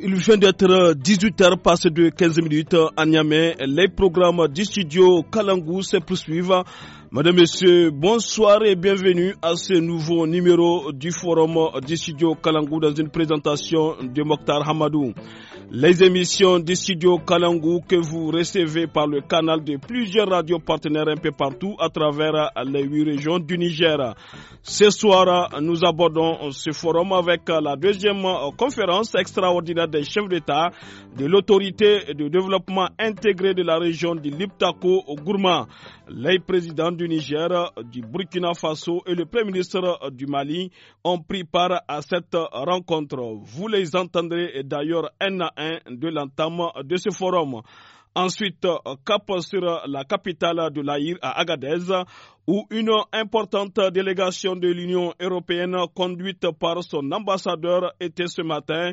Il vient d'être 18h passe de 15 minutes à Niamey. Les programmes du studio Kalangou se poursuivent. Madame, Monsieur, bonsoir et bienvenue à ce nouveau numéro du forum du studio Kalangou dans une présentation de Mokhtar Hamadou. Les émissions du studio Kalangou que vous recevez par le canal de plusieurs radios partenaires un peu partout à travers les huit régions du Niger. Ce soir, nous abordons ce forum avec la deuxième conférence extraordinaire des chefs d'État de l'autorité de développement intégré de la région du Liptako au Gourma. Les présidents du Niger, du Burkina Faso et le Premier ministre du Mali ont pris part à cette rencontre. Vous les entendrez d'ailleurs un de l'entame de ce forum. Ensuite, euh, cap sur la capitale de l'Aïr à Agadez, où une importante délégation de l'Union européenne conduite par son ambassadeur était ce matin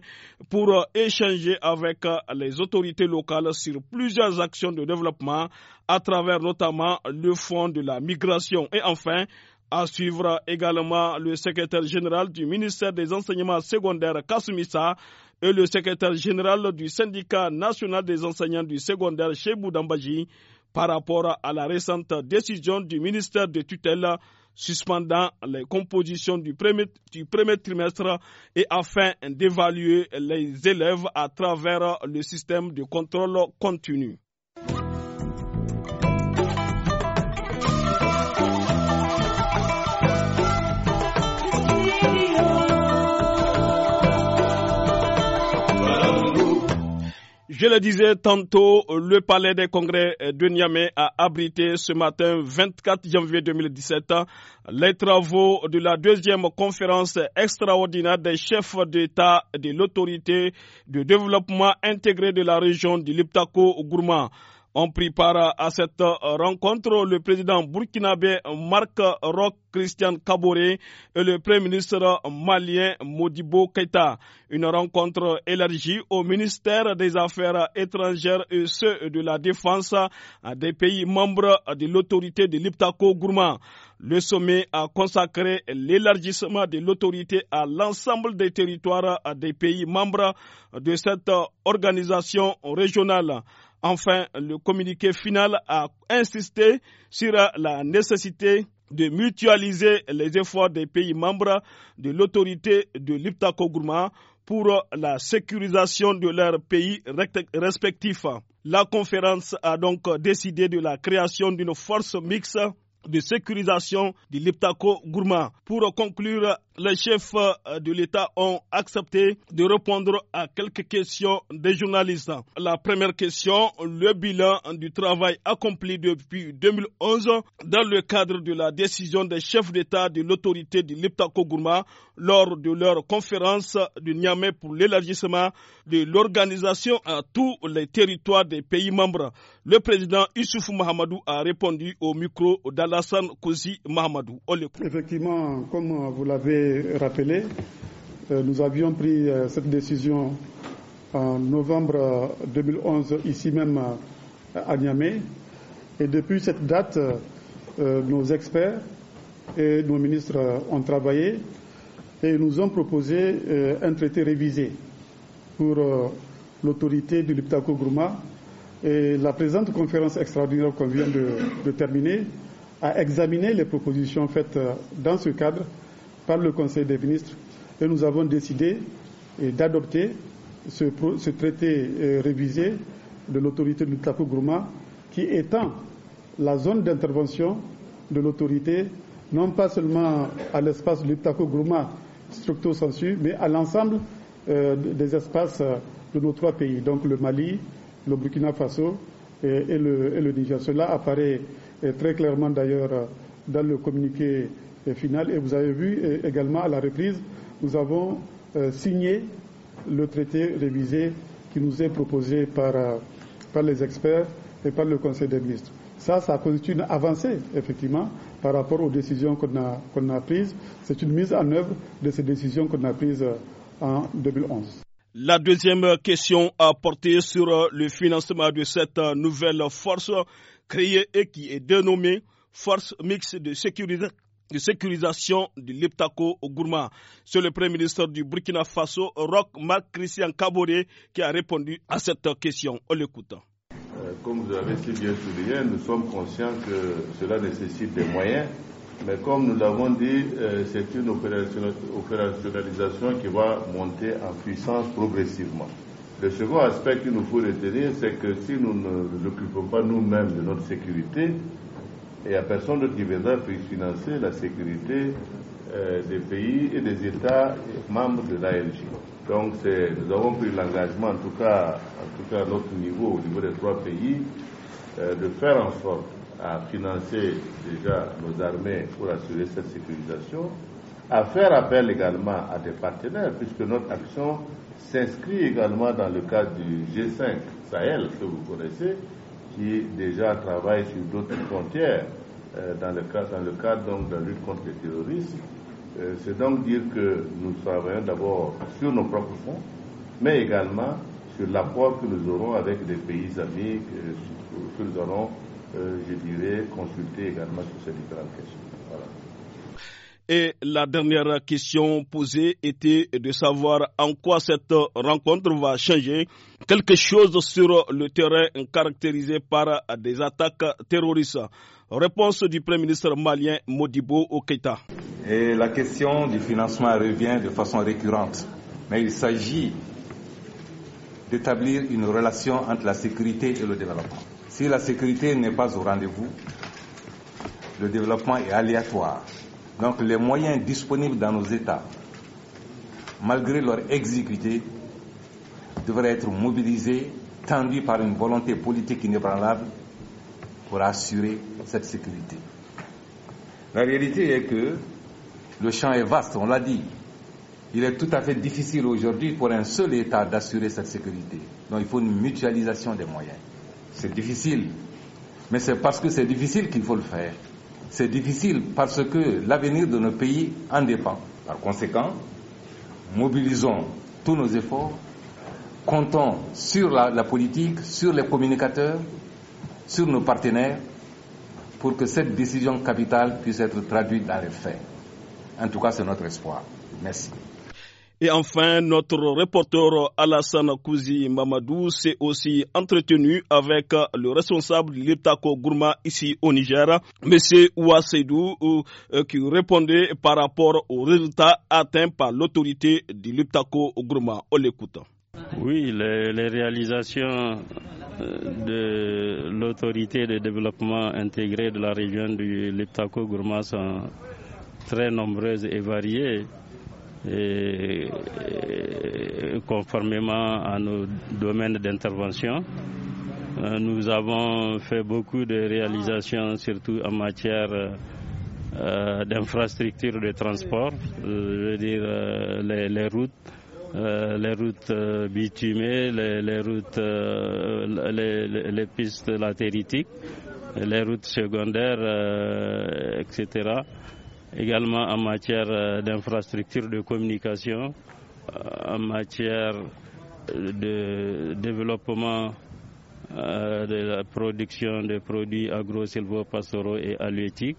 pour échanger avec les autorités locales sur plusieurs actions de développement à travers notamment le fonds de la migration. Et enfin, à suivre également le secrétaire général du ministère des Enseignements secondaires, Kasumissa, et le secrétaire général du syndicat national des enseignants du secondaire chez Boudambaji par rapport à la récente décision du ministère de tutelle suspendant les compositions du premier trimestre et afin d'évaluer les élèves à travers le système de contrôle continu. Je le disais tantôt, le palais des congrès euh, de Niamey a abrité ce matin 24 janvier 2017 les travaux de la deuxième conférence extraordinaire des chefs d'État de l'autorité de développement intégré de la région du Liptako-Gourma. On prépare à cette euh, rencontre le président burkinabé Marc Roch Christian Kabore et le Premier ministre malien Modibo Keita. Une rencontre élargie au ministère des Affaires étrangères et ceux de la Défense des pays membres de l'autorité de l'Iptako Gourma. Le sommet a consacré l'élargissement de l'autorité à l'ensemble des territoires des pays membres de cette organisation régionale. Enfin, le communiqué final a insisté sur la nécessité de mutualiser les efforts des pays membres de l'autorité de l'Iptako pour la sécurisation de leurs pays respectifs. La conférence a donc décidé de la création d'une force mixte de sécurisation de l'Iptako Gourma. Pour conclure, les chefs euh, de l'État ont accepté de répondre à quelques questions des journalistes. La première question, le bilan du travail accompli depuis 2011 dans le cadre de la décision des chefs d'État de l'autorité de l'Iptako Gourma lors de leur conférence du Niamey pour l'élargissement de l'organisation à tous les territoires des pays membres. Le président Issoufou Mahamadou a répondu au micro d'Alassane Kouzi Mahamadou. Effectivement, comme vous l'avez rappelé, euh, nous avions pris euh, cette décision en novembre 2011 euh, ici même à Niamey. Et depuis cette date, nos experts et nos ministres ont travaillé et nous ont proposé un traité révisé pour l'autorité du Liptako Gourma la présente conférence extraordinaire qu'on vient de, terminer a examiné les propositions faites euh, dans ce cadre par le Conseil des ministres et nous avons décidé d'adopter ce, traité euh, révisé de l'autorité du Tapo Gourma qui étend la zone d'intervention de l'autorité non pas seulement à l'espace du Tapo Gourma sensu, mais à l'ensemble euh, des espaces de nos trois pays, donc le Mali, le Burkina Faso et, le, et Niger. Cela apparaît euh, très clairement d'ailleurs euh, dans le communiqué euh, final. Et vous avez vu également à la reprise, nous avons signé le traité révisé qui nous est proposé par, par les experts et par le Conseil des ministres. Ça, ça constitue une avancée, effectivement, par rapport aux décisions qu'on a, a prises. C'est une mise en œuvre de ces décisions qu'on a prises en 2011. La deuxième question a porté sur euh, le financement de cette euh, nouvelle force créée et qui est dénommée Force mixte de sécurisation de l'Iptako au Gourma. C'est le Premier ministre du Burkina Faso, Roch Marc Christian Kabore, qui a répondu à cette question. On l'écoute. Euh, comme vous avez si bien souligné, nous sommes conscients que cela nécessite des moyens mais comme nous l'avons dit, euh, c'est une opérationnalisation qui va monter en puissance progressivement. Le second aspect qu'il nous faut retenir, c'est que si nous ne nous occupons pas nous-mêmes de notre sécurité, il n'y a personne d'autre qui viendra financer la sécurité euh, des pays et des États membres de l'ALG. Donc nous avons pris l'engagement, en tout cas, tout cas à notre niveau, au niveau des trois pays, euh, de faire en sorte à financer déjà nos armées pour assurer cette sécurisation, à faire appel également à des partenaires, puisque notre action s'inscrit également dans le cadre du G5 Sahel, que vous connaissez, qui déjà travaille sur d'autres frontières euh, dans le cadre, dans le cadre donc, de la lutte contre le terrorisme. Euh, c'est donc dire que nous travaillons d'abord sur nos propres fonds, mais également sur l'apport que nous aurons avec des pays amis euh, que nous aurons euh, je dirais, consulter également sur ces différentes questions. Et la dernière question posée était de savoir en quoi cette rencontre va changer quelque chose sur le terrain caractérisé par des attaques terroristes. Réponse du Premier ministre malien Modibo Oketa. Et la question du financement revient de façon récurrente, mais il s'agit d'établir une relation entre la sécurité et le développement. Si la sécurité n'est pas au rendez-vous, le développement est aléatoire. Donc les moyens disponibles dans nos États, malgré leur exécuté, devraient être mobilisés, tendus par une volonté politique inébranlable pour assurer cette sécurité. La réalité est que le champ est vaste, on l'a dit. Il est tout à fait difficile aujourd'hui pour un seul État d'assurer cette sécurité. Donc il faut une mutualisation des moyens. C'est difficile. Mais c'est parce que c'est difficile qu'il faut le faire. C'est difficile parce que l'avenir de nos pays en dépend. Par conséquent, mobilisons tous nos efforts, comptons sur la, la politique, sur les communicateurs, sur nos partenaires, pour que cette décision capitale puisse être traduite dans les faits. En tout cas, c'est notre espoir. Merci. Et enfin, notre reporter Alassane Kouzi Mamadou s'est aussi entretenu avec le responsable de l'Iptako Gourma ici au Niger, M. Ouassedou, euh, qui répondait par rapport aux résultats atteints par l'autorité de l'Iptako Gourma. On l'écoute. Oui, les, réalisations euh, de l'autorité de développement intégré de la région du Liptako Gourma sont très nombreuses et variées et, conformément à nos domaines d'intervention. Euh, nous avons fait beaucoup de réalisations, surtout en matière euh, euh, d'infrastructures de transport, je veux dire les, routes, les routes bitumées, les, routes, les, pistes latéritiques, les routes secondaires, etc également en matière euh, d'infrastructures de communication, euh, en matière euh, de développement de la production de produits agro-silvopastoraux et halieutiques,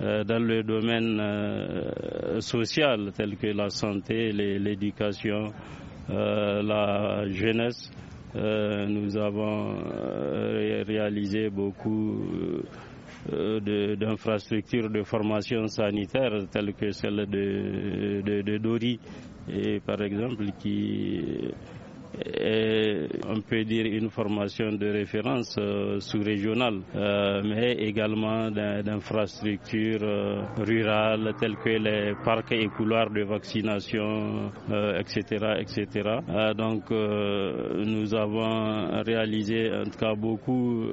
dans le domaine social tel que la santé, l'éducation, la jeunesse. Nous avons réalisé beaucoup euh, d'infrastructures de formation sanitaire telles que celle de, de, de Dori, et par exemple, qui et on peut dire une formation de référence euh, sous-régionale, euh, mais également d'infrastructures euh, rurales telles que les parcs et couloirs de vaccination, etc. etc. donc nous avons réalisé en tout cas beaucoup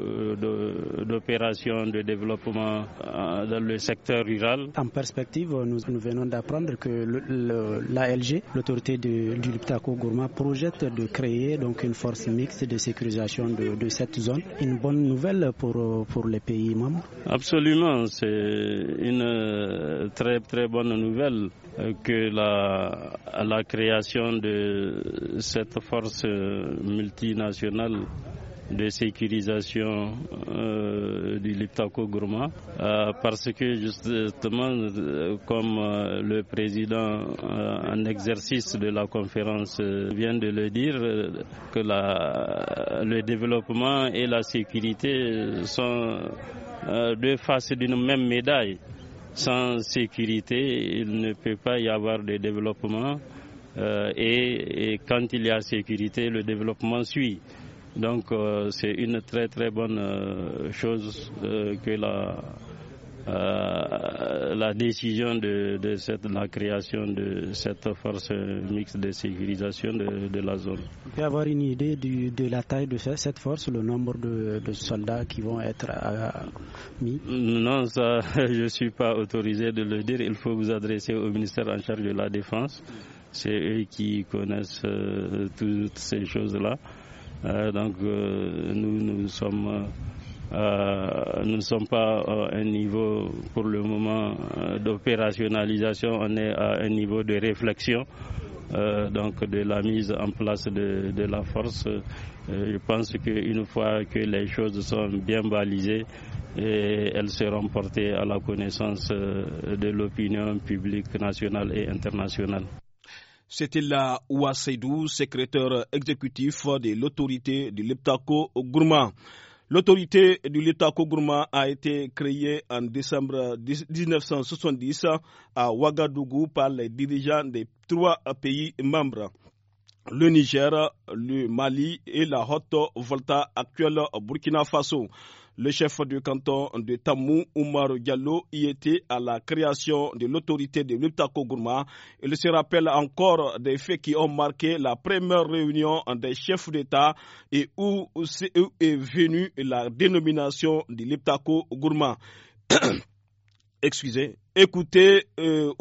d'opérations de, développement dans le secteur rural. En perspective, nous, venons d'apprendre que l'ALG, l'autorité du Liptako Gourma, projette de créer donc une force mixte de sécurisation de, cette zone. Une bonne nouvelle pour, pour les pays membres Absolument, c'est une euh, très très bonne nouvelle euh, que la, la création de cette force euh, multinationale de sécurisation euh, du Liptako Gourma euh, parce que justement euh, comme euh, le président en exercice de la conférence vient de le dire que la, le développement et la sécurité sont deux faces d'une même médaille. Sans sécurité, il ne peut pas y avoir de développement et, et quand il y a sécurité, le développement suit. Donc euh, c'est une très très bonne euh, chose euh, que la, décision de, la création de cette force mixte de sécurisation de, la zone. Vous peut avoir une idée de la taille de cette force, le nombre de, soldats qui vont être mis Non, je ne suis pas autorisé de le dire. Il faut vous adresser au ministère en charge de la Défense. C'est eux qui connaissent toutes ces choses-là. Euh, donc euh, nous, nous sommes... Euh, ne sommes pas à un niveau pour le moment d'opérationnalisation, on est à un niveau de réflexion. donc de la mise en place de, la force. je pense qu'une fois que les choses sont bien balisées, elles seront portées à la connaissance de l'opinion publique nationale et internationale. C'était la Oua secrétaire exécutif de l'autorité de Leptako Gourma. L'autorité de Leptako Gourma a été créée en décembre 1970 à Ouagadougou par les dirigeants des trois pays membres le Niger, le Mali et la Haute Volta actuelle Burkina Faso. Le chef du canton de Tamou, Oumar Diallo, y était à la création de l'autorité de l'Iptako Gourma. Il se rappelle encore des faits qui ont marqué la première réunion des chefs d'État et où est venue la dénomination de l'Iptako Gourma. Excusez, Écoutez, euh,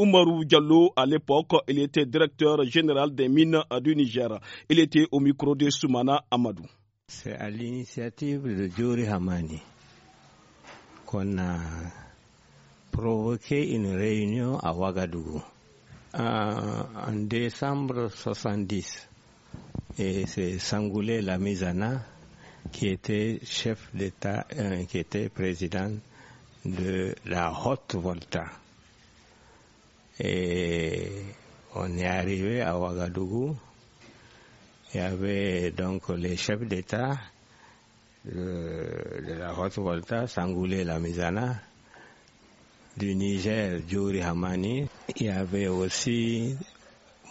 Diallo, à l'époque, il était directeur général des mines du Niger. Il était au micro de Soumana Amadou. C'est à l'initiative de Juri Hamani qu'on a provoqué une réunion à Ouagadougou en décembre 70. Et c'est Sangoulé Lamizana qui était chef d'État, euh, qui était président de la Haute Volta. Et on est arrivé à Ouagadougou il y avait donc les chefs d'État euh, de, la Haute Volta, Sangoulé Lamizana, du Niger, Djouri Hamani. Il y avait aussi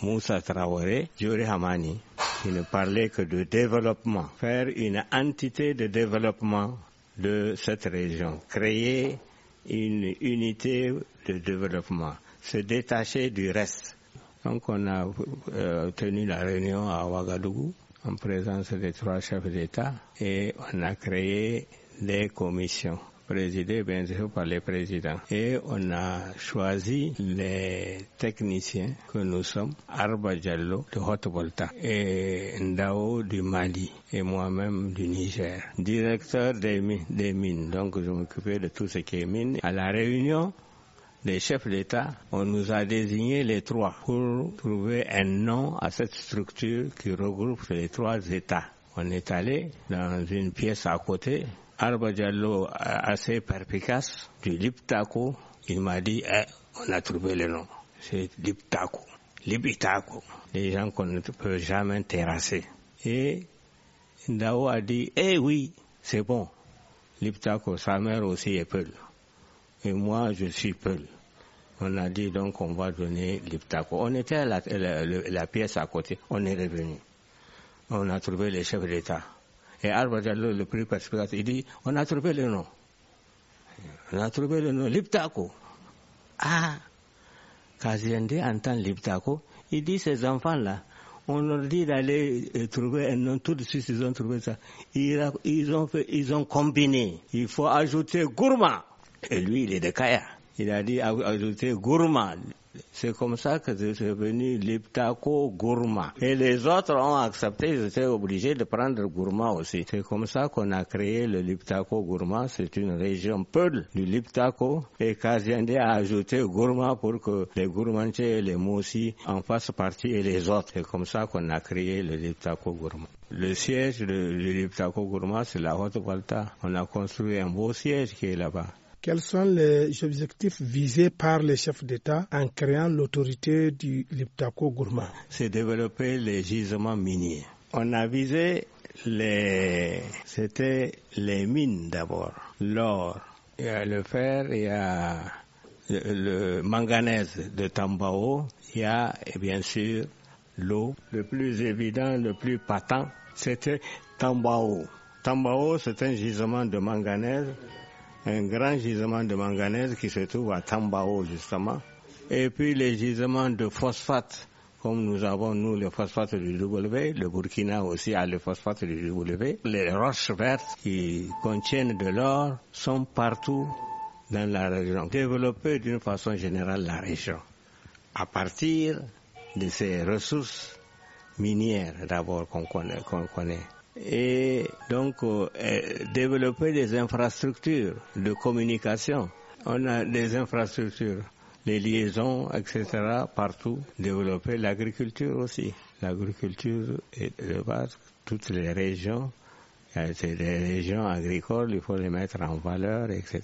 Moussa Traoré, Djuri Hamani, qui ne parlait que de développement, faire une entité de développement de cette région, créer une unité de développement, se détacher du reste. Donc on a euh, tenu la réunion à Ouagadougou en présence des trois chefs d'État et on a créé des commissions présidées bien sûr par les présidents. Et on a choisi les techniciens que nous sommes, Arba Diallo de Haute-Volta et Ndao du Mali et moi-même du Niger, directeur des mines, des mines. Donc je m'occupais de tout ce qui est mines. À la réunion, les chefs d'État, on nous a désigné les trois pour trouver un nom à cette structure qui regroupe les trois États. On est allé dans une pièce à côté. Arba Diallo, euh, assez perpicace, du Liptako, il m'a dit, eh, on a trouvé le nom. C'est Liptako, Libitako, les gens qu'on ne peut jamais terrasser. Et Ndao a dit, eh oui, c'est bon. Liptako, sa mère aussi est Peul. Et moi, je suis Peul. On a dit donc qu'on va donner Liptako. On était à la, pièce à côté, on est revenu. On a trouvé les chefs d'État. Et Jalou, le plus perspicace, il dit on a trouvé le nom. On a trouvé le nom, Liptako. Ah Kaziende entend Liptako, il dit ces enfants-là, on leur dit d'aller euh, trouver un nom, tout de suite ils ont trouvé ça. Ils, ils, ont, fait, ils ont combiné, il faut ajouter Gourma. Et lui, il est de Kaya. Il a dit ajouter ah, ah, gourmand. C'est comme ça que c'est devenu Liptako Gourma. Et les autres ont accepté, ils étaient obligés de prendre Gourma aussi. C'est comme ça qu'on a créé le Liptako Gourma. C'est une région peu du Liptako. Et Kaziende a ajouté Gourma pour que les gourmandiers et les moussis en fassent partie et les autres. C'est comme ça qu'on a créé le Liptako Gourma. Le siège de, l'Ibtako Gourma, c'est la Haute Volta. On a construit un beau siège qui est là-bas. Quels sont les objectifs visés par les chefs d'État en créant l'autorité du Liptako Gourma C'est développer les gisements miniers. On a visé les, c'était les mines d'abord, l'or, il y a le fer, il y a le, manganèse de Tambao, il y a et bien sûr l'eau. Le plus évident, le plus patent, c'était Tambao. Tambao, c'est un gisement de manganèse un grand gisement de manganèse qui se trouve à Tambao justement, et puis les gisements de phosphate, comme nous avons nous le phosphate du W, le Burkina aussi a le phosphate du W, les roches vertes qui contiennent de l'or sont partout dans la région. Développer d'une façon générale la région à partir de ces ressources minières d'abord qu'on connaît, connaît, et donc euh, euh, développer des infrastructures de communication. On a des infrastructures, les liaisons, etc., partout. Développer l'agriculture aussi. L'agriculture est le base, toutes les régions, euh, c'est des régions agricoles, il faut les mettre en valeur, etc.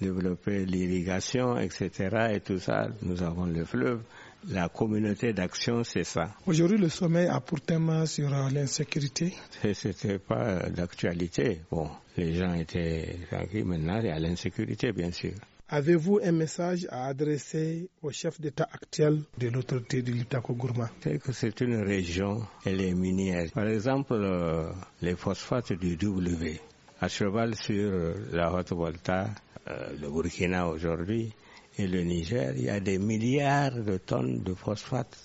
Développer l'irrigation, etc., et tout ça. Nous avons le fleuve. La communauté d'action, c'est ça. Aujourd'hui, le sommet a pour thème sur euh, l'insécurité. C'était pas euh, d'actualité. Bon, les gens étaient tranquilles. Maintenant, il y a l'insécurité, bien sûr. Avez-vous un message à adresser au chef d'État actuel de l'autorité de Litako Gourma C'est une région elle est minière. Par exemple, euh, les phosphates du W, à cheval sur la Haute Volta, le Burkina aujourd'hui, et le Niger, il y a des milliards de tonnes de phosphate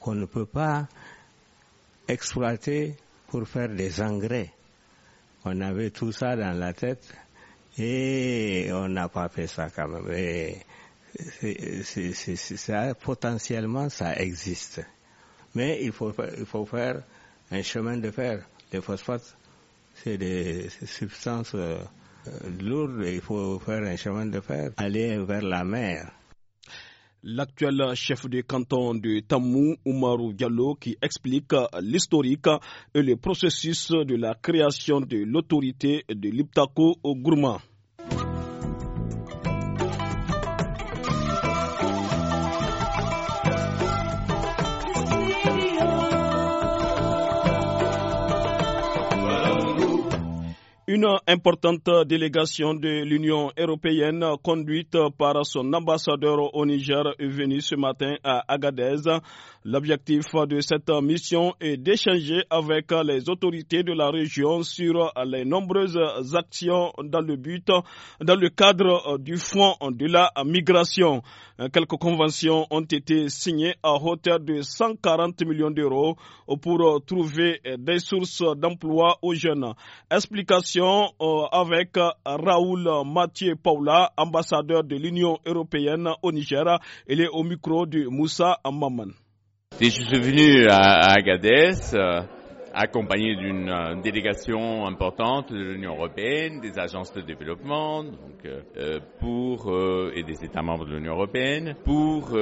qu'on ne peut pas exploiter pour faire des engrais. On avait tout ça dans la tête et on n'a pas fait ça quand même. potentiellement, ça existe. Mais il faut, il faut faire un chemin de fer. Les phosphates, c'est des substances euh, euh, lourd, il faut faire un chemin de fer, aller vers la mer. L'actuel chef de canton de Tamou, Oumarou Diallo, qui explique l'historique et le processus de la création de l'autorité de l'Iptako au Gourma. Une importante délégation de l'Union européenne conduite par son ambassadeur au Niger est venue ce matin à Agadez L'objectif de cette mission est d'échanger avec les autorités de la région sur les nombreuses actions dans le but, dans le cadre euh, du Fonds de la migration. Quelques conventions ont été signées à hauteur de 140 millions d'euros pour euh, trouver des sources d'emploi aux jeunes. Explication euh, avec Raoul Mathieu Paula, ambassadeur de l'Union européenne au Niger. Il est au micro de Moussa Maman. Je suis venu à Agadez euh, accompagné d'une euh, délégation importante de l'Union européenne, des agences de développement, donc, euh, pour et des États membres de l'Union européenne, pour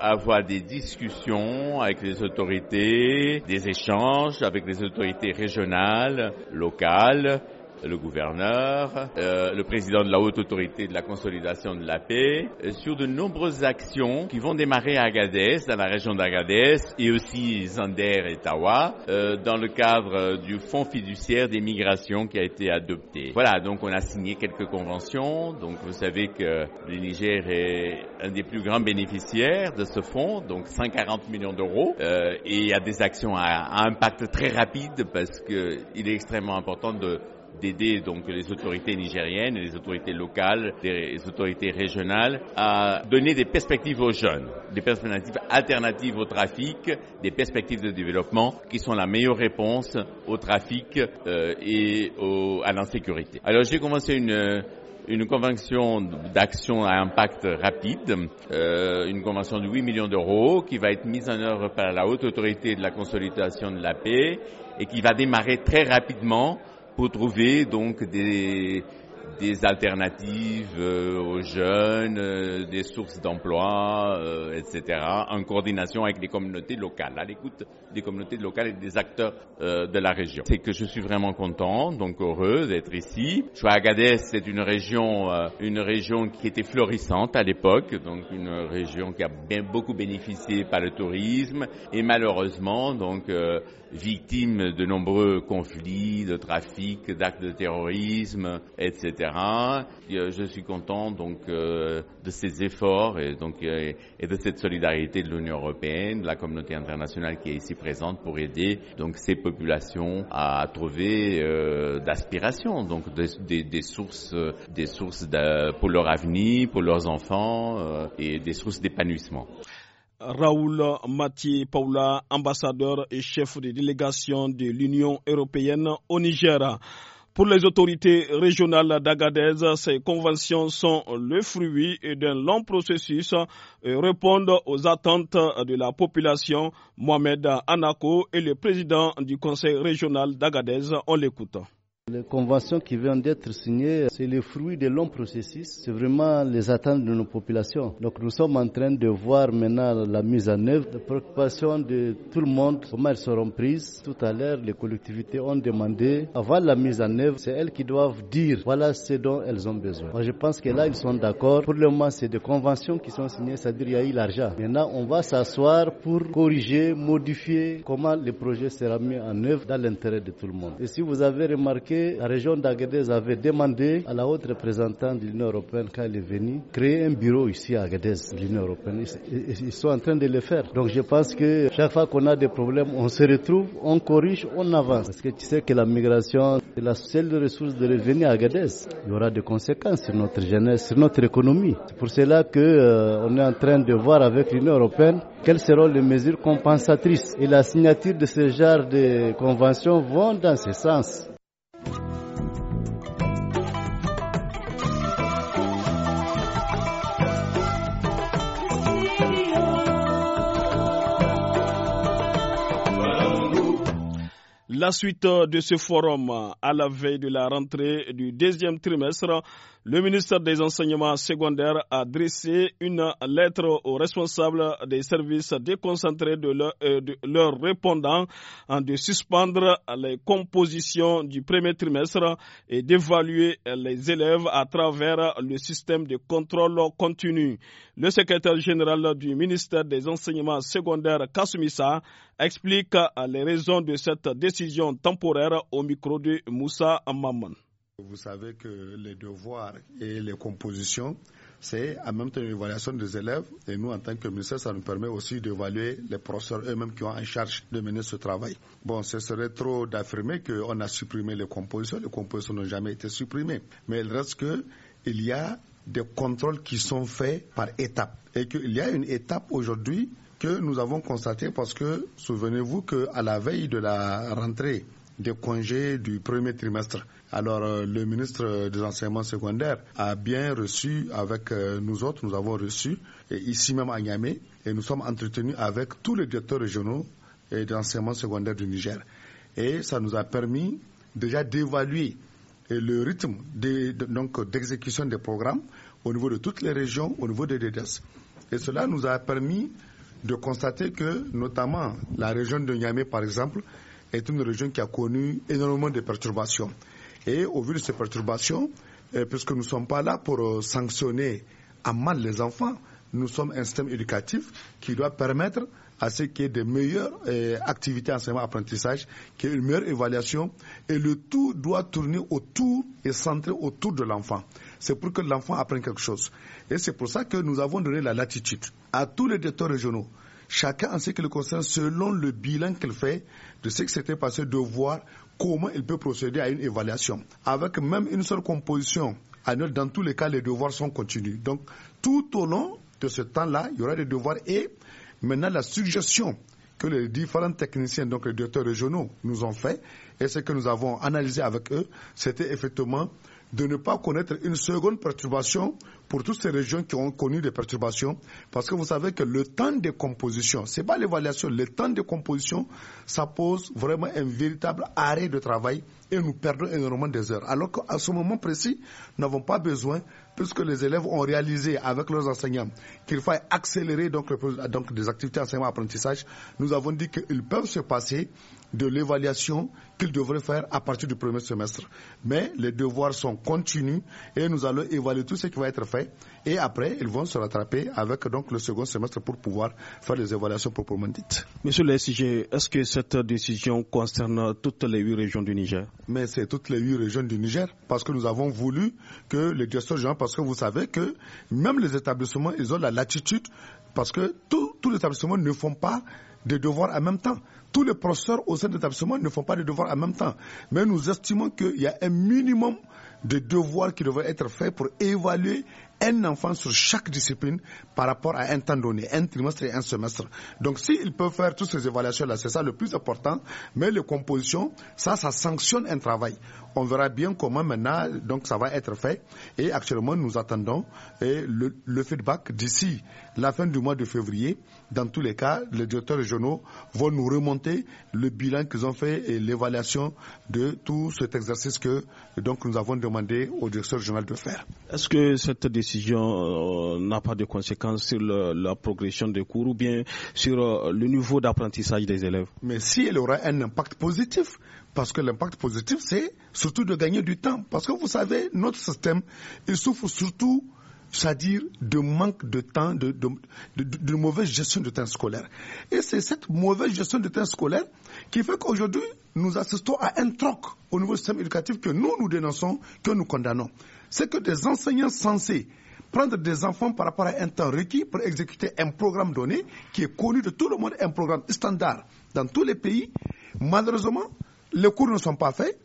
avoir des discussions avec les autorités, des échanges avec les autorités régionales, locales le gouverneur, euh, le président de la haute autorité de la consolidation de la paix, euh, sur de nombreuses actions qui vont démarrer à Agadez, dans la région d'Agadez, et aussi Zander et Tawa, euh, dans le cadre euh, du fonds fiduciaire des migrations qui a été adopté. Voilà, donc on a signé quelques conventions. Donc vous savez que le Niger est un des plus grands bénéficiaires de ce fonds, donc 140 millions d'euros. Euh, et il y a des actions à, à impact très rapide parce qu'il est extrêmement important de d'aider donc les autorités nigériennes, les autorités locales, les autorités régionales à donner des perspectives aux jeunes, des perspectives alternatives au trafic, des perspectives de développement qui sont la meilleure réponse au trafic euh, et à l'insécurité. Alors j'ai commencé une convention d'action à impact rapide, euh, une convention de 8 millions d'euros qui va être mise en œuvre par la haute autorité de la consolidation de la paix et qui va démarrer très rapidement pour trouver donc des, des alternatives euh, aux jeunes, euh, des sources d'emploi, euh, etc., en coordination avec les communautés locales, à l'écoute des communautés locales et des acteurs de la région. C'est que je suis vraiment content, donc heureux d'être ici. Agadez, c'est une région, une région qui était florissante à l'époque, donc une région qui a bien beaucoup bénéficié par le tourisme, et malheureusement, donc victimes de nombreux conflits, de trafics, d'actes de terrorisme, etc. Euh, je suis content donc euh, de ces efforts et donc euh, et de cette solidarité de l'Union européenne, de la communauté internationale qui est ici présente pour aider donc ces populations à trouver euh, d'aspiration, donc des, des, sources, des sources pour leur avenir, pour leurs enfants et des sources d'épanouissement. Raoul Mathieu Paula, ambassadeur et chef de délégation de l'Union européenne au Niger. Pour les autorités régionales d'Agadez, ces conventions sont le fruit d'un long processus et euh, répondent aux attentes de la population. Mohamed Anako est le président du conseil régional d'Agadez. On l'écoute. Les conventions qui viennent d'être signées, c'est le fruit de longs processus. C'est vraiment les attentes de nos populations. Donc nous sommes en train de voir maintenant la mise en œuvre, les préoccupations de tout le monde, comment elles seront prises. Tout à l'heure, les collectivités ont demandé, avant la mise en œuvre, c'est elles qui doivent dire, voilà ce dont elles ont besoin. Moi, je pense que là, ils sont d'accord. Pour le moment, c'est des conventions qui sont signées, c'est-à-dire il y a eu l'argent. Maintenant, on va s'asseoir pour corriger, modifier comment le projet sera mis en œuvre dans l'intérêt de tout le monde. Et si vous avez remarqué, la région d'Agadez avait demandé à la haute représentante de l'Union européenne quand elle est venue créer un bureau ici à Agadez l'Union européenne. Ils sont en train de le faire. Donc je pense que chaque fois qu'on a des problèmes, on se retrouve, on corrige, on avance. Parce que tu sais que la migration, c'est la seule ressource de revenir à Agadez. Il y aura des conséquences sur notre jeunesse, sur notre économie. C'est pour cela que euh, on est en train de voir avec l'Union européenne quelles seront les mesures compensatrices. Et la signature de ce genre de conventions vont dans ce sens. La suite euh, de ce forum euh, à la veille de la rentrée du deuxième trimestre le ministère des Enseignements secondaires a dressé une lettre aux responsables des services déconcentrés de, leur, euh, leurs répondants de suspendre les compositions du premier trimestre et d'évaluer les élèves à travers le système de contrôle continu. Le secrétaire général du ministère des Enseignements secondaires, Kasumissa, explique les raisons de cette décision temporaire au micro de Moussa Mamman. Vous savez que les devoirs et les compositions, c'est en même temps une évaluation des élèves. Et nous, en tant que ministère, ça nous permet aussi d'évaluer les professeurs eux-mêmes qui ont en charge de mener ce travail. Bon, ce serait trop d'affirmer qu'on a supprimé les compositions. Les compositions n'ont jamais été supprimées. Mais il reste que il y a des contrôles qui sont faits par étapes. Et qu'il y a une étape aujourd'hui que nous avons constatée parce que, souvenez-vous qu'à la veille de la rentrée des congés du premier trimestre. Alors euh, le ministre des enseignements secondaires a bien reçu avec euh, nous autres, nous avons reçu et ici même à Niamey et nous sommes entretenus avec tous les directeurs régionaux et Enseignements secondaires du Niger. Et ça nous a permis déjà d'évaluer euh, le rythme d'exécution des programmes au niveau de toutes les régions, au niveau des DDS. Et cela nous a permis de constater que, notamment, la région de Niamey, par exemple, est une région qui a connu énormément de perturbations. Et au vu de ces perturbations, euh, puisque nous ne sommes pas là pour euh, sanctionner à mal les enfants, nous sommes un système éducatif qui doit permettre à ce qu'il y ait de meilleures euh, activités enseignement-apprentissage, qu'il y ait une meilleure évaluation. Et le tout doit tourner autour et centrer autour de l'enfant. C'est pour que l'enfant apprenne quelque chose. Et c'est pour ça que nous avons donné la latitude à tous les directeurs régionaux chacun en ce qui le concerne, selon le bilan qu'il fait de ce qui s'était passé, de voir comment il peut procéder à une évaluation. Avec même une seule composition annuelle, dans tous les cas, les devoirs sont continus. Donc, tout au long de ce temps-là, il y aura des devoirs et maintenant la suggestion que les différents techniciens, donc les directeurs régionaux, nous ont fait et ce que nous avons analysé avec eux, c'était effectivement de ne pas connaître une seconde perturbation pour toutes ces régions qui ont connu des perturbations, parce que vous savez que le temps de composition, c'est pas l'évaluation, le temps de composition, ça pose vraiment un véritable arrêt de travail et nous perdons énormément des heures. Alors qu'à ce moment précis, nous n'avons pas besoin, puisque les élèves ont réalisé avec leurs enseignants qu'il fallait accélérer donc, donc des activités enseignement-apprentissage, nous avons dit qu'ils peuvent se passer de l'évaluation qu'ils devraient faire à partir du premier semestre. Mais les devoirs sont continus et nous allons évaluer tout ce qui va être fait. Et après, ils vont se rattraper avec donc le second semestre pour pouvoir faire les évaluations proprement dites. Monsieur le SG, est-ce que cette décision concerne toutes les huit régions du Niger Mais c'est toutes les huit régions du Niger parce que nous avons voulu que les gestionnaires, parce que vous savez que même les établissements, ils ont la latitude parce que tous les établissements ne font pas des devoirs en même temps. Tous les professeurs au sein de l'établissement ne font pas de devoirs en même temps. Mais nous estimons qu'il y a un minimum de devoirs qui devraient être faits pour évaluer un enfant sur chaque discipline par rapport à un temps donné, un trimestre et un semestre. Donc s'ils peuvent faire toutes ces évaluations-là, c'est ça le plus important, mais les compositions, ça, ça sanctionne un travail on verra bien comment maintenant donc ça va être fait. Et actuellement, nous attendons le, feedback d'ici la fin du mois de février. Dans tous les cas, les directeurs régionaux vont nous remonter le bilan qu'ils ont fait et l'évaluation de tout cet exercice que donc nous avons demandé au directeur général de faire. Est-ce que cette décision euh, n'a pas de conséquences sur la progression des cours ou bien sur euh, le niveau d'apprentissage des élèves Mais si elle aura un impact positif, parce que l'impact positif, c'est surtout de gagner du temps. Parce que vous savez, notre système, il souffre surtout, c'est-à-dire de manque de temps, de, mauvaise gestion de temps scolaire. Et c'est cette mauvaise gestion de temps scolaire qui fait qu'aujourd'hui, nous assistons à un troc au niveau du système éducatif que nous, nous dénonçons, que nous condamnons. C'est que des enseignants censés prendre des enfants par rapport à un temps requis pour exécuter un programme donné qui est connu de tout le monde, un programme standard dans tous les pays. Malheureusement, les cours ne sont pas faits,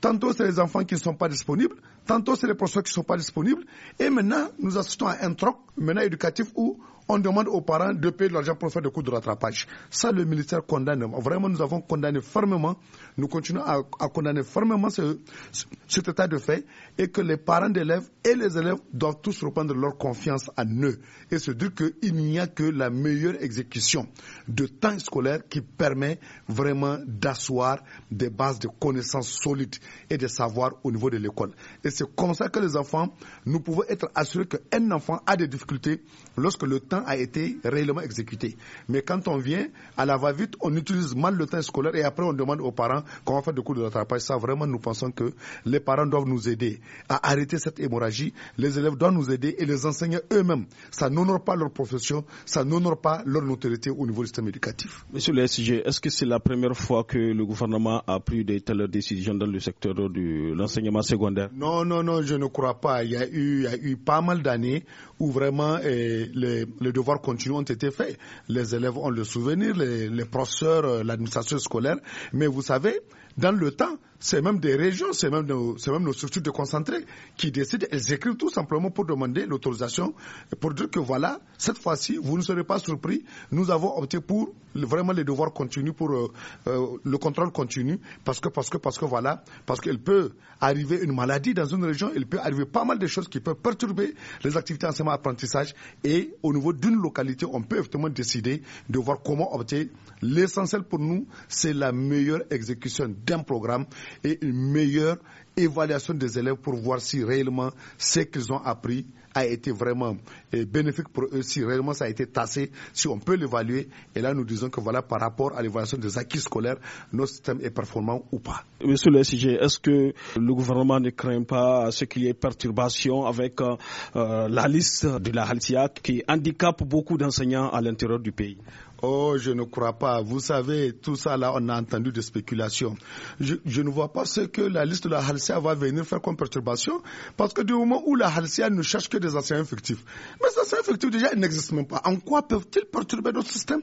tantôt c'est les enfants qui ne sont pas disponibles, Tantôt, c'est les professeurs qui ne sont pas disponibles. Et maintenant, nous assistons à un troc, maintenant éducatif, où on demande aux parents de payer de l'argent pour faire des cours de rattrapage. Ça, le ministère condamne. Vraiment, nous avons condamné fermement, nous continuons à, condamner fermement cet état de fait et que les parents d'élèves et les élèves doivent tous reprendre leur confiance en eux et se dire qu'il n'y a que la meilleure exécution de temps scolaire qui permet vraiment d'asseoir des bases de connaissances solides et de savoir au niveau de l'école. C'est comme ça que les enfants, nous pouvons être assurés qu'un enfant a des difficultés lorsque le temps a été réellement exécuté. Mais quand on vient à la va-vite, on utilise mal le temps scolaire et après on demande aux parents qu'on va faire des cours de rattrapage. Ça, vraiment, nous pensons que les parents doivent nous aider à arrêter cette hémorragie. Les élèves doivent nous aider et les enseignants eux-mêmes. Ça n'honore pas leur profession, ça n'honore pas leur notoriété au niveau du système éducatif. Monsieur le SG, est-ce que c'est la première fois que le gouvernement a pris de telles décisions dans le secteur de l'enseignement secondaire Non, non, non, non, je ne crois pas. Il y a eu, il y a eu pas mal d'années où vraiment eh, les, devoirs continus ont été faits. Les élèves ont le souvenir, les professeurs, euh, l'administration scolaire. Mais vous savez, dans le temps, c'est même des régions, c'est même, nos, structures de concentrés qui décident, elles écrivent tout simplement pour demander l'autorisation, pour dire que voilà, cette fois-ci, vous ne serez pas surpris, nous avons opté pour vraiment les devoirs continus, pour euh, euh, le contrôle continu, parce que, parce que, parce que voilà, parce qu'il peut arriver une maladie dans une région, il peut arriver pas mal de choses qui peuvent perturber les activités enseignement-apprentissage, et au niveau d'une localité, on peut effectivement décider de voir comment opter. L'essentiel pour nous, c'est la meilleure exécution programme et une meilleure évaluation des élèves pour voir si réellement ce qu'ils ont appris a été vraiment eh, bénéfique pour eux, si réellement ça a été tassé, si on peut l'évaluer. Et là, nous disons que voilà, par rapport à l'évaluation des acquis scolaires, notre système est performant ou pas. Monsieur le SG, est-ce que le gouvernement ne craint pas ce qu'il y ait perturbation avec euh, euh, la liste de la Haltia qui handicape beaucoup d'enseignants à l'intérieur du pays Oh, je ne crois pas. Vous savez, tout ça là, on a entendu des spéculations. Je, ne vois pas ce que la liste de la Halcia va venir faire comme perturbation, parce que du moment où la Halcia ne cherche que des anciens effectifs, mais ces anciens effectifs, déjà, ils n'existent même pas. En quoi peuvent-ils perturber notre système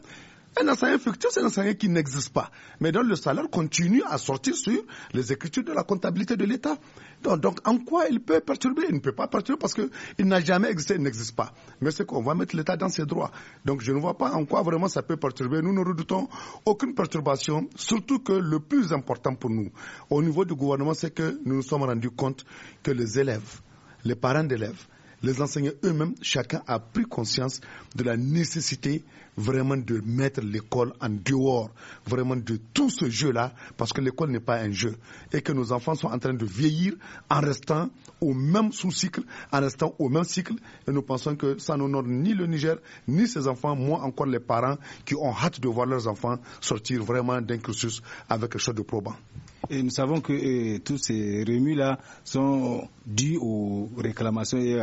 un enseignant fictif, c'est un enseignant qui n'existe pas, mais dont le salaire continue à sortir sur les écritures de la comptabilité de l'État. donc, en quoi il peut perturber Il ne peut pas perturber parce qu'il n'a jamais existé, il n'existe pas. Mais c'est qu'on va mettre l'État dans ses droits. Donc, je ne vois pas en quoi vraiment ça peut perturber. Nous ne redoutons aucune perturbation, surtout que le plus important pour nous, au niveau du gouvernement, c'est que nous nous sommes rendus compte que les élèves, les parents d'élèves, les enseignants eux-mêmes, chacun a pris conscience de la nécessité vraiment de mettre l'école en dehors, vraiment de tout ce jeu-là, parce que l'école n'est pas un jeu, et que nos enfants sont en train de vieillir en restant au même sous-cycle, en restant au même cycle, et nous pensons que ça n'honore ni le Niger, ni ses enfants, moins encore les parents qui ont hâte de voir leurs enfants sortir vraiment d'un cursus avec quelque chose de probant. Et nous savons que euh, tous ces remus là sont dus aux réclamations et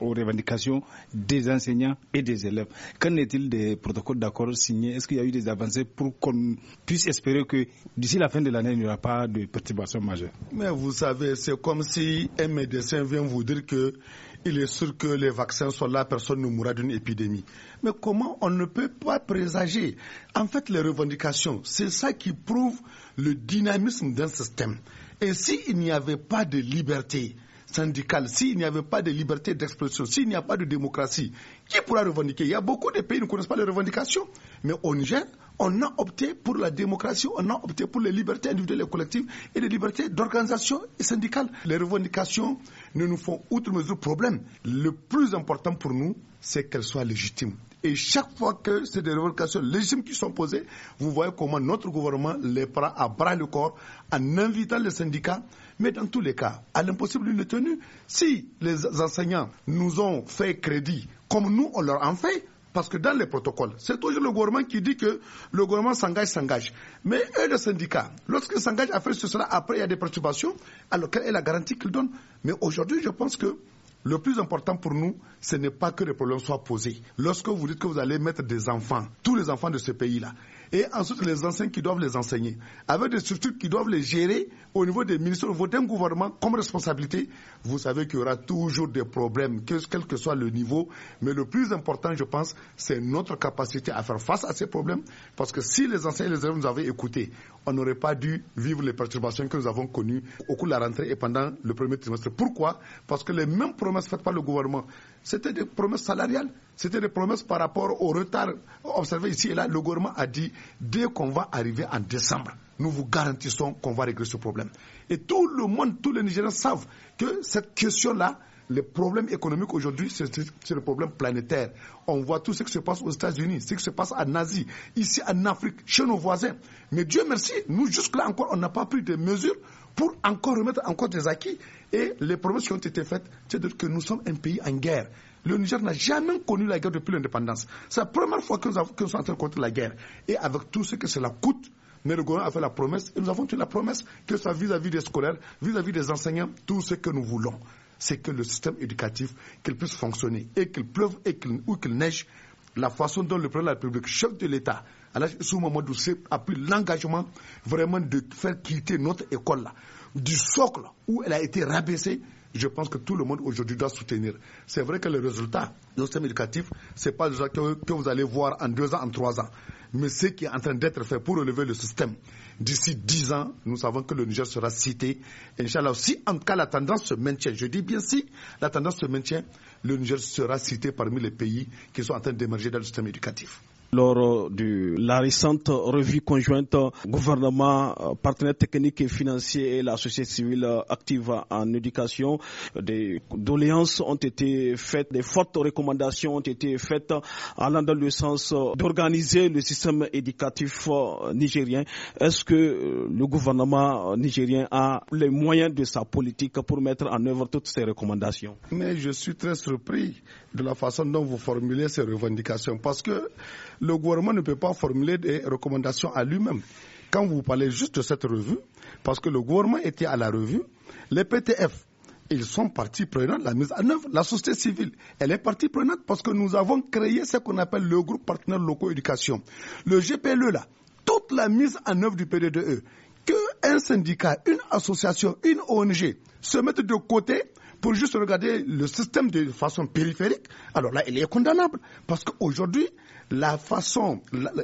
aux revendications des enseignants et des élèves. Qu'en est-il des protocoles d'accord signés Est-ce qu'il y a eu des avancées pour qu'on puisse espérer que d'ici la fin de l'année, il n'y aura pas de perturbations majeures Mais vous savez, c'est comme si un médecin vient vous dire que il est sûr que les vaccins sont là, personne ne mourra d'une épidémie. Mais comment on ne peut pas présager En fait, les revendications, c'est ça qui prouve le dynamisme d'un système. Et s'il n'y avait pas de liberté syndicale, s'il n'y avait pas de liberté d'expression, s'il n'y a pas de démocratie, qui pourra revendiquer Il y a beaucoup de pays qui ne connaissent pas les revendications. Mais au Niger, on a opté pour la démocratie, on a opté pour les libertés individuelles et collectives et les libertés d'organisation et syndicale. Les revendications ne nous font outre mesure problème. Le plus important pour nous, c'est qu'elles soient légitimes. Et chaque fois que c'est des revendications légitimes qui sont posées, vous voyez comment notre gouvernement les prend à bras le corps en invitant les syndicats. Mais dans tous les cas, à l'impossible une tenue, si les enseignants nous ont fait crédit comme nous on leur en fait, parce que dans les protocoles, c'est toujours le gouvernement qui dit que le gouvernement s'engage, s'engage. Mais eux, des syndicats, lorsqu'ils s'engagent à faire ce, cela, après, il y a des perturbations, alors quelle est la garantie qu'ils donnent Mais aujourd'hui, je pense que le plus important pour nous, ce n'est pas que les problèmes soient posés. Lorsque vous dites que vous allez mettre des enfants, tous les enfants de ce pays-là, et ensuite les anciens qui doivent les enseigner, avec des structures qui doivent les gérer au niveau des ministres au niveau d'un gouvernement comme responsabilité, vous savez qu'il y aura toujours des problèmes, quel que soit le niveau. Mais le plus important, je pense, c'est notre capacité à faire face à ces problèmes, parce que si les enseignants et les élèves nous avaient écoutés, on n'aurait pas dû vivre les perturbations que nous avons connues au cours de la rentrée et pendant le premier trimestre. Pourquoi Parce que les mêmes promesses faites par le gouvernement, c'était des promesses salariales, c'était des promesses par rapport au retard observé ici et là. Le gouvernement a dit, dès qu'on va arriver en décembre, nous vous garantissons qu'on va régler ce problème. Et tout le monde, tous les Nigériens savent que cette question-là, le problème économique aujourd'hui, c'est le problème planétaire. On voit tout ce qui se passe aux États-Unis, ce qui se passe en Asie, ici en Afrique, chez nos voisins. Mais Dieu merci, nous jusque-là encore, on n'a pas pris de mesures pour encore remettre encore des acquis. Et les promesses qui ont été faites, c'est dire que nous sommes un pays en guerre. Le Niger n'a jamais connu la guerre depuis l'indépendance. C'est la première fois que nous, sommes en contre la guerre. Et avec tout ce que cela coûte, mais le gouvernement a fait la promesse et nous avons tenu la promesse, que ce soit vis-à-vis des scolaires, vis à -vis des enseignants, tout ce que nous voulons c'est que le système éducatif, qu'il puisse fonctionner et qu'il pleuve et qu'il, ou qu'il neige, la façon dont le président de la République, chef de l'État, moment Soumamadou a pris l'engagement vraiment de faire quitter notre école là, du socle où elle a été rabaissée. Je pense que tout le monde aujourd'hui doit soutenir. C'est vrai que le résultat du système éducatif, ce n'est pas le que, que vous allez voir en deux ans, en trois ans. Mais ce qui est en train d'être fait pour relever le système, d'ici dix ans, nous savons que le Niger sera cité. Inch'Allah, si en cas la tendance se maintient, je dis bien si la tendance se maintient, le Niger sera cité parmi les pays qui sont en train d'émerger dans le système éducatif lors de la récente revue conjointe gouvernement, euh, partenaires techniques et financiers et la société civile active en éducation. Des doléances ont été faites, des fortes recommandations ont été faites allant dans le sens d'organiser le système éducatif euh, nigérien. Est-ce que euh, le gouvernement nigérien a les moyens de sa politique pour mettre en œuvre toutes ces recommandations Mais je suis très surpris de la façon dont vous formulez ces revendications parce que le gouvernement ne peut pas formuler des recommandations à lui-même. Quand vous parlez juste de cette revue, parce que le gouvernement était à la revue, les PTF, ils sont partie prenante de la mise en œuvre. La société civile, elle est partie prenante parce que nous avons créé ce qu'on appelle le groupe partenaire locaux éducation. Le GPLE, là, toute la mise en œuvre du PDDE, que un syndicat, une association, une ONG se mettent de côté pour juste regarder le système de façon périphérique, alors là, il est condamnable. Parce qu'aujourd'hui, la façon,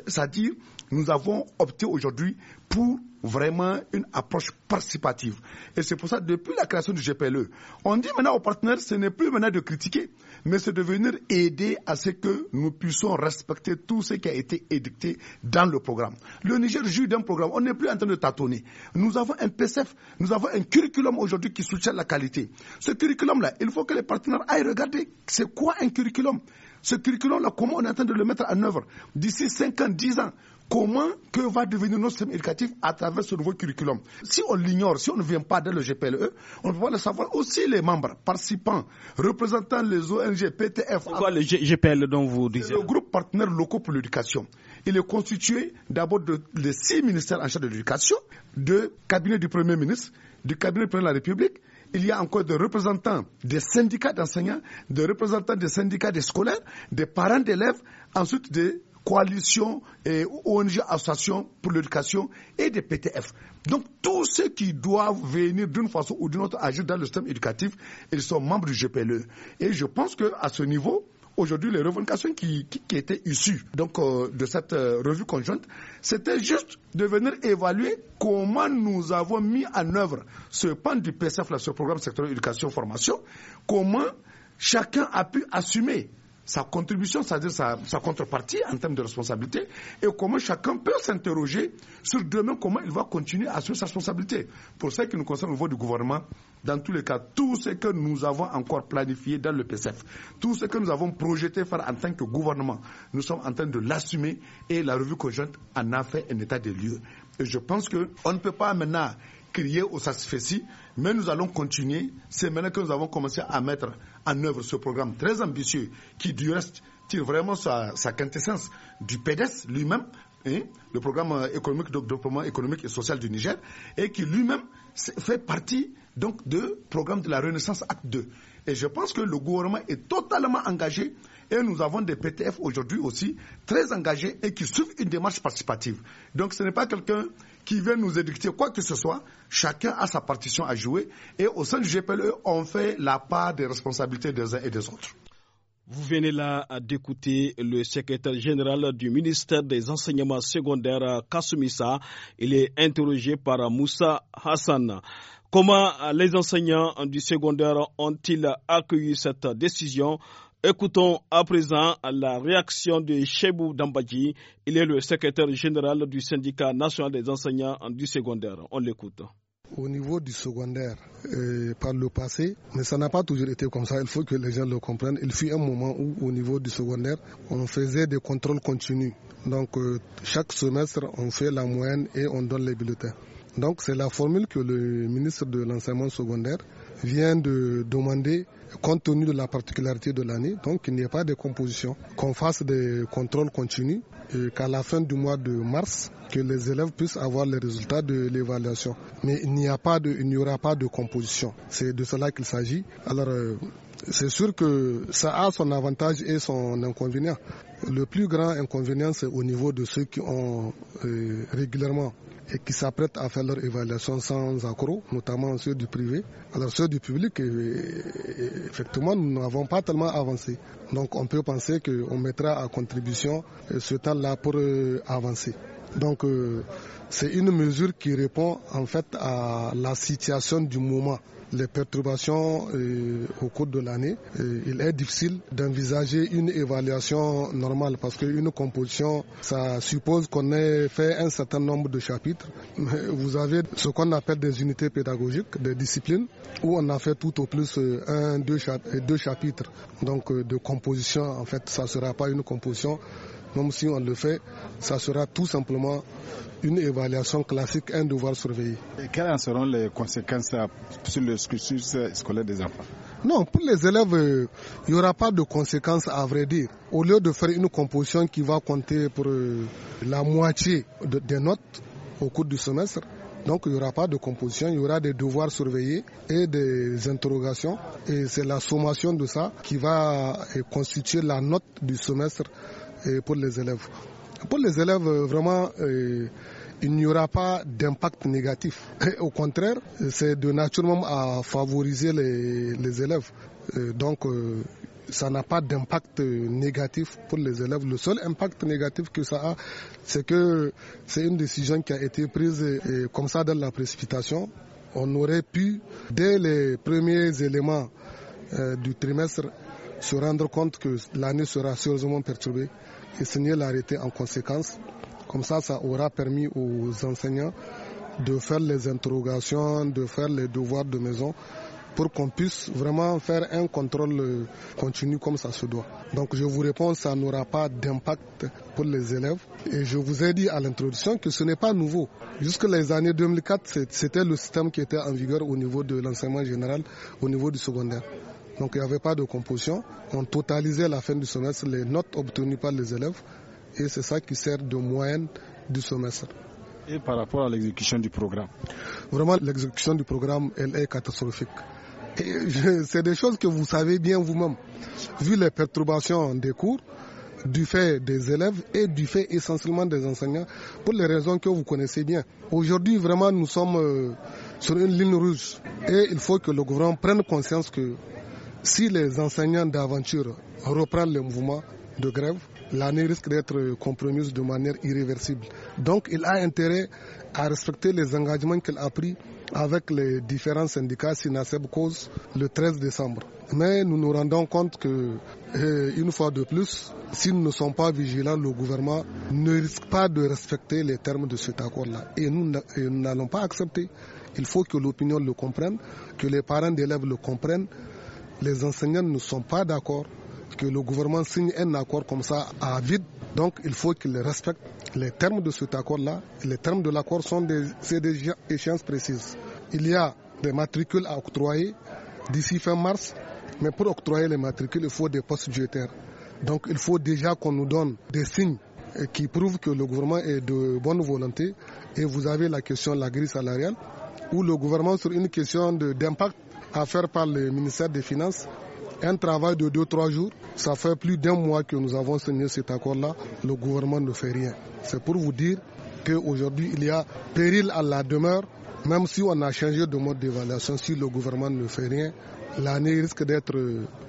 c'est-à-dire, nous avons opté aujourd'hui pour vraiment une approche participative. Et c'est pour ça, depuis la création du GPLE, on dit maintenant aux partenaires, ce n'est plus maintenant de critiquer, mais c'est de venir aider à ce que nous puissions respecter tout ce qui a été édicté dans le programme. Le Niger joue d'un programme, on n'est plus en train de tâtonner. Nous avons un PCF, nous avons un curriculum aujourd'hui qui soutient la qualité. Ce curriculum-là, il faut que les partenaires aillent regarder c'est quoi un curriculum. Ce curriculum-là, comment on est en train de le mettre en œuvre D'ici 5 ans, 10 ans, comment que va devenir notre système éducatif à travers ce nouveau curriculum. Si on l'ignore, si on ne vient pas dans le GPLE, on va le savoir aussi les membres, participants, représentants les ONG, PTF. Pourquoi le GPLE dont vous disiez Le groupe partenaire locaux pour l'éducation. Il est constitué d'abord de, les six ministères en charge de l'éducation, de cabinet du Premier ministre, du cabinet du Président de la République, il y a encore des représentants des syndicats d'enseignants, des représentants des syndicats des scolaires, des parents d'élèves, ensuite des coalitions et ONG associations pour l'éducation et des PTF. Donc tous ceux qui doivent venir d'une façon ou d'une autre agir dans le système éducatif, ils sont membres du GPLE. Et je pense qu'à ce niveau, aujourd'hui les revendications qui, qui, étaient issues donc, euh, de cette euh, revue conjointe, c'était juste de venir évaluer comment nous avons mis en œuvre ce pan du PSF, là, ce programme secteur éducation-formation, comment chacun a pu assumer sa contribution, c'est-à-dire sa, sa, contrepartie en termes de responsabilité, et comment chacun peut s'interroger sur demain comment il va continuer à assumer sa responsabilité. Pour ce qui nous concerne au niveau du gouvernement, dans tous les cas, tout ce que nous avons encore planifié dans le PCF, tout ce que nous avons projeté faire en tant que gouvernement, nous sommes en train de l'assumer et la revue conjointe en a fait un état des lieux. Et je pense qu'on ne peut pas maintenant crier au satisfait, mais nous allons continuer. C'est maintenant que nous avons commencé à mettre en œuvre ce programme très ambitieux qui, du reste, tire vraiment sa, quintessence du PDS lui-même, le programme euh, économique de développement économique et social du Niger, et qui lui-même fait partie donc du programme de la Renaissance Acte 2. Et je pense que le gouvernement est totalement engagé et nous avons des PTF aujourd'hui aussi très engagés et qui suivent une démarche participative. Donc ce n'est pas quelqu'un qui vient nous édicter quoi que ce soit. Chacun a sa partition à jouer et au sein du GPLE, on fait la part des responsabilités des uns et des autres. Vous venez là d'écouter le secrétaire général du ministère des enseignements secondaires, Kasumissa. Il est interrogé par Moussa Hassan. Comment les enseignants du secondaire ont-ils accueilli cette décision Écoutons à présent la réaction de Chebou Dambadji. Il est le secrétaire général du syndicat national des enseignants du secondaire. On l'écoute au niveau du secondaire par le passé, mais ça n'a pas toujours été comme ça, il faut que les gens le comprennent. Il fut un moment où au niveau du secondaire, on faisait des contrôles continus. Donc euh, chaque semestre, on fait la moyenne et on donne les bulletins. Donc c'est la formule que le ministre de l'enseignement secondaire vient de demander compte tenu de la particularité de l'année, donc qu'il n'y ait pas de composition, qu'on fasse des contrôles continus qu'à la fin du mois de mars, que les élèves puissent avoir les résultats de l'évaluation. Mais il n'y de, aura pas de composition. C'est de cela qu'il s'agit. Alors, euh, c'est sûr que ça a son avantage et son inconvénient. Le plus grand inconvénient, c'est au niveau de ceux qui ont euh, régulièrement et qui s'apprêtent à faire leur évaluation sans accroc, notamment ceux du privé. Alors ceux du public, eh, eh, effectivement, nous n'avons pas tellement avancé. Donc on peut penser qu'on mettra à contribution eh, ce temps-là pour euh, avancer. Donc euh, c'est une mesure qui répond en fait à la situation du moment les perturbations euh, au cours de l'année, euh, il est difficile d'envisager une évaluation normale parce qu'une composition, ça suppose qu'on ait fait un certain nombre de chapitres. vous avez ce qu'on appelle des unités pédagogiques, des disciplines, où on a fait tout au plus euh, un, deux, chapitres, donc de composition. En fait, ça ne sera pas une composition même si on le fait, ça sera tout simplement une évaluation classique, un devoir surveillé. Et quelles en seront les conséquences euh, sur le cursus scolaire des enfants non, pour les élèves, euh, il n'y aura pas de conséquences à vrai dire. Au lieu de faire une composition qui va compter pour euh, la moitié des notes au cours du semestre, donc il n'y aura pas de composition, il y aura des devoirs surveillés et des interrogations. Et c'est la sommation de ça qui va constituer la note du semestre pour les élèves. Pour les élèves, euh, vraiment, euh, il n'y aura pas d'impact négatif. au contraire, c'est de nature même à favoriser les élèves. Euh, donc, ça n'a pas d'impact négatif pour les élèves. Le seul impact négatif que ça a, c'est que c'est une décision qui a été prise comme ça dans la précipitation. On aurait pu, dès les premiers éléments du trimestre, se rendre compte que l'année sera sérieusement perturbée et signer l'arrêté en conséquence. Comme ça, ça aura permis aux enseignants de faire les interrogations, de faire les devoirs de maison pour qu'on puisse vraiment faire un contrôle continu comme ça se doit. Donc je vous réponds, ça n'aura pas d'impact pour les élèves. Et je vous ai dit à l'introduction que ce n'est pas nouveau. Jusque les années 2004, c'était le système qui était en vigueur au niveau de l'enseignement général, au niveau du secondaire. Donc il n'y avait pas de composition. On totalisait à la fin du semestre les notes obtenues par les élèves et c'est ça qui sert de moyenne du semestre. Et par rapport à l'exécution du programme Vraiment, l'exécution du programme, elle est catastrophique. C'est des choses que vous savez bien vous-même. Vu les perturbations des cours, du fait des élèves et du fait essentiellement des enseignants, pour les raisons que vous connaissez bien. Aujourd'hui, vraiment, nous sommes euh, sur une ligne rouge et il faut que le gouvernement prenne conscience que si les enseignants d'aventure reprennent le mouvement de grève, l'année risque d'être compromise de manière irréversible. Donc il a intérêt à respecter les engagements qu'il a pris avec les différents syndicats SINASEB cause le 13 décembre. Mais nous nous rendons compte que, eh, une fois de plus, si nous ne sommes pas vigilants, le gouvernement ne risque pas de respecter les termes de cet accord-là. Et nous n'allons pas accepter. Il faut que l'opinion le comprenne, que les parents d'élèves le comprennent, les enseignants ne sont pas d'accord que le gouvernement signe un accord comme ça à vide. Donc il faut qu'ils respecte les termes de cet accord-là. Les termes de l'accord sont des, échéances précises. Il y a des matricules à octroyer d'ici fin mars, mais pour octroyer les matricules, il faut des postes budgétaires. Donc il faut déjà qu'on nous donne des signes qui prouvent que le gouvernement est de bonne volonté. Et vous avez la question de la grille salariale, où le gouvernement, sur une question d'impact, à faire par le ministère des Finances. Un travail de 2-3 jours, ça fait plus d'un mois que nous avons signé cet accord-là. Le gouvernement ne fait rien. C'est pour vous dire qu'aujourd'hui, il y a péril à la demeure. Même si on a changé de mode d'évaluation, si le gouvernement ne fait rien, l'année risque d'être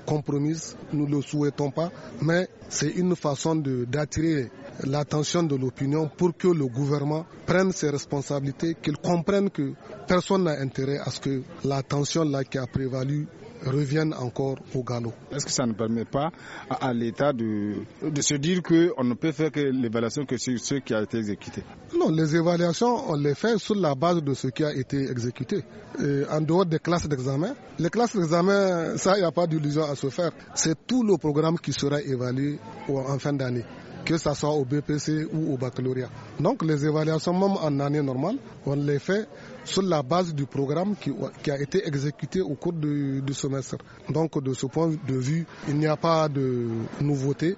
compromise. Nous ne le souhaitons pas, mais c'est une façon d'attirer l'attention de l'opinion pour que le gouvernement prenne ses responsabilités, qu'il comprenne que personne n'a intérêt à ce que la tension là qui a prévalu revienne encore au galop. Est-ce que ça ne permet pas à, l'État de, de, se dire qu'on ne peut faire que l'évaluation que sur ce qui a été exécuté Non, les évaluations, on les fait sur la base de ce qui a été exécuté. Euh, en dehors des classes d'examen, les classes d'examen, ça, il n'y a pas d'illusion à se faire. C'est tout le programme qui sera évalué en fin d'année que ce soit au BPC ou au baccalauréat. Donc les évaluations, même en année normale, on les fait sur la base du programme qui, a été exécuté au cours du, semestre. Donc de ce point de vue, il n'y a pas de nouveauté.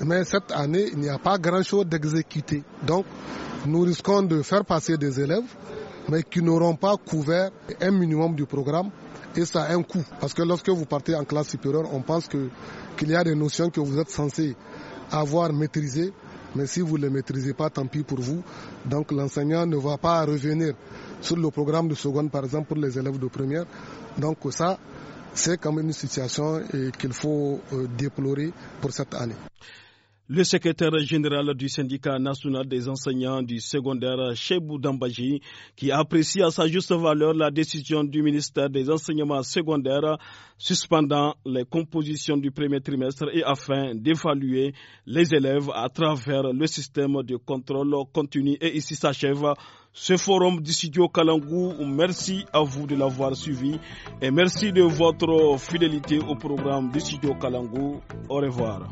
Mais cette année, il n'y a pas grand-chose d'exécuté. Donc nous risquons de faire passer des élèves, mais qui n'auront pas couvert un minimum du programme. Et ça a un coût. Parce que lorsque vous partez en classe supérieure, on pense que qu'il y a des notions que vous êtes censé avoir maîtrisé. Mais si vous ne le maîtrisez pas, tant pis pour vous. Donc l'enseignant ne va pas revenir sur le programme de seconde, par exemple, pour les élèves de première. Donc ça, c'est quand même une situation euh, qu'il faut euh, déplorer pour cette année. Le secrétaire général du syndicat national des enseignants du secondaire, Chebou Dambaji, qui apprécie à sa juste valeur la décision du ministère des enseignements secondaires suspendant les compositions du premier trimestre et afin d'évaluer les élèves à travers le système de contrôle continu. Et ici s'achève ce forum du studio Kalangou. Merci à vous de l'avoir suivi et merci de votre fidélité au programme du studio Kalangou. Au revoir.